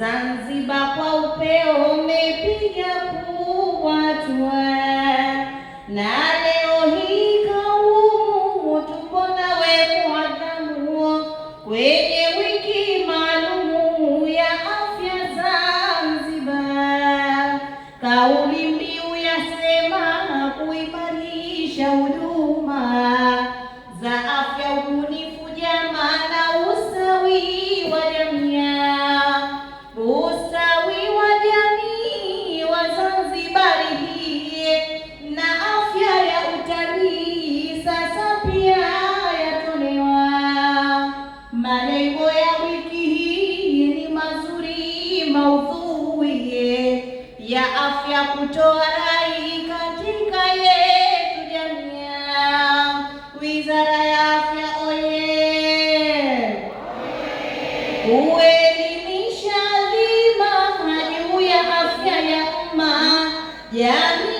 Zanzibar kwa upeo umepiga kuwatwa, na leo hii kaumu tuko nawe muadhamuo kwenye wiki maalumu ya afya Zanzibar. Kauli mbiu yasema kuimarisha huduma Malengo ya wiki hii ni mazuri, maudhui ya afya, kutoa rai katika yetu jamia, wizara ya afya oye, kuelimisha dhima juu ya afya ya umma jamii